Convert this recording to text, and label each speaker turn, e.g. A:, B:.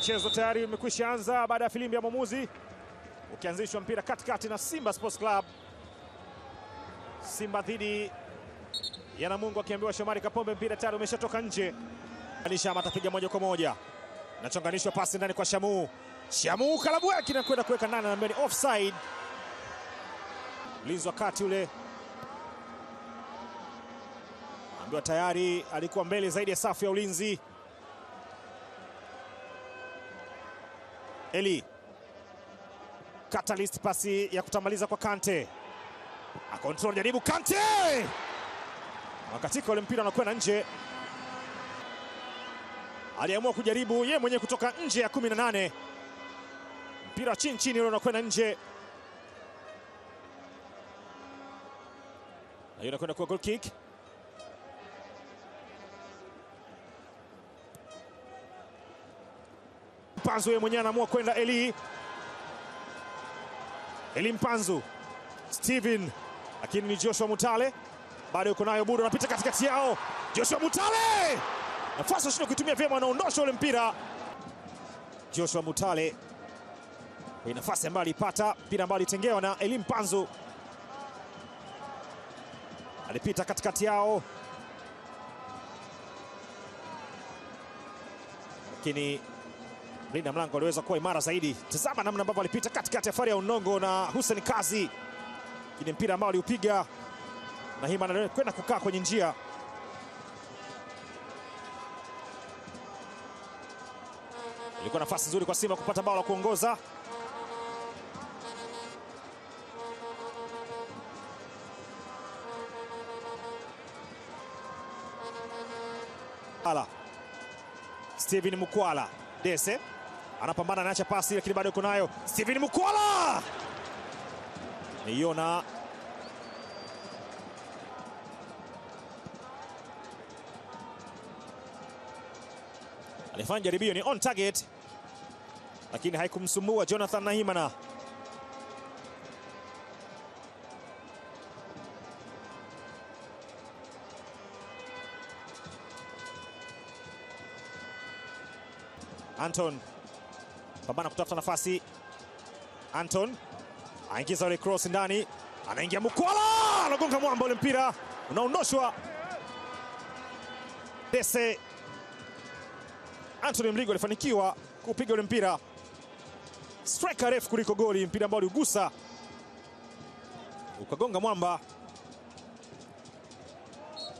A: Mchezo tayari umekwisha anza baada ya filimbi ya mwamuzi ukianzishwa mpira katikati na Simba Sports Club. Simba dhidi ya Namungo akiambiwa Shomari Kapombe, mpira tayari umeshatoka nje. Nishama atapiga moja kwa moja, nachonganishwa pasi ndani kwa Shamu. Shamu kalabu yake inakwenda kuweka ndani, anaambia ni offside. Mlinzi wa kati ule ambiwa tayari alikuwa mbele zaidi ya safu ya ulinzi. Eli Catalyst, pasi ya kutambaliza kwa Kante, akontrol, jaribu Kante, wakatika ule mpira unakwenda nje. Aliamua kujaribu ye mwenyewe kutoka nje ya 18, mpira chini chini ule unakwenda nje, na hiyo inakwenda kuwa goal kick. Mpanzu yeye mwenyewe anaamua kwenda Eli. Eli Mpanzu, Steven, lakini ni Joshua Mutale bado yuko nayo Budo, anapita katikati yao. Joshua Mutale nafasi ashinda kuitumia vyema, anaondosha ule mpira. Joshua Mutale Kwa nafasi ambayo alipata mpira ambao alitengewa na Eli Mpanzu, alipita katikati yao lakini Linda mlango aliweza kuwa imara zaidi. Tazama namna ambavyo alipita katikati ya ya Unongo na Hussein Kazi, kile mpira ambao aliupiga na Nahima kwenda kukaa kwenye njia Ilikuwa nafasi nzuri kwa Simba kupata bao la kuongoza. Ala. Steven Mukwala Dese anapambana, anaacha pasi, lakini bado yuko nayo. Steven Mukwala niona alifanya jaribio, ni on target, lakini haikumsumbua Jonathan Nahimana. Anton Pambana kutafuta nafasi. Anton aingiza ile cross ndani, anaingia Mukwala, anagonga mwamba, ule mpira unaondoshwa. Dese Anton Mligo alifanikiwa kupiga ule mpira striker refu kuliko goli, mpira ambao uligusa ukagonga mwamba.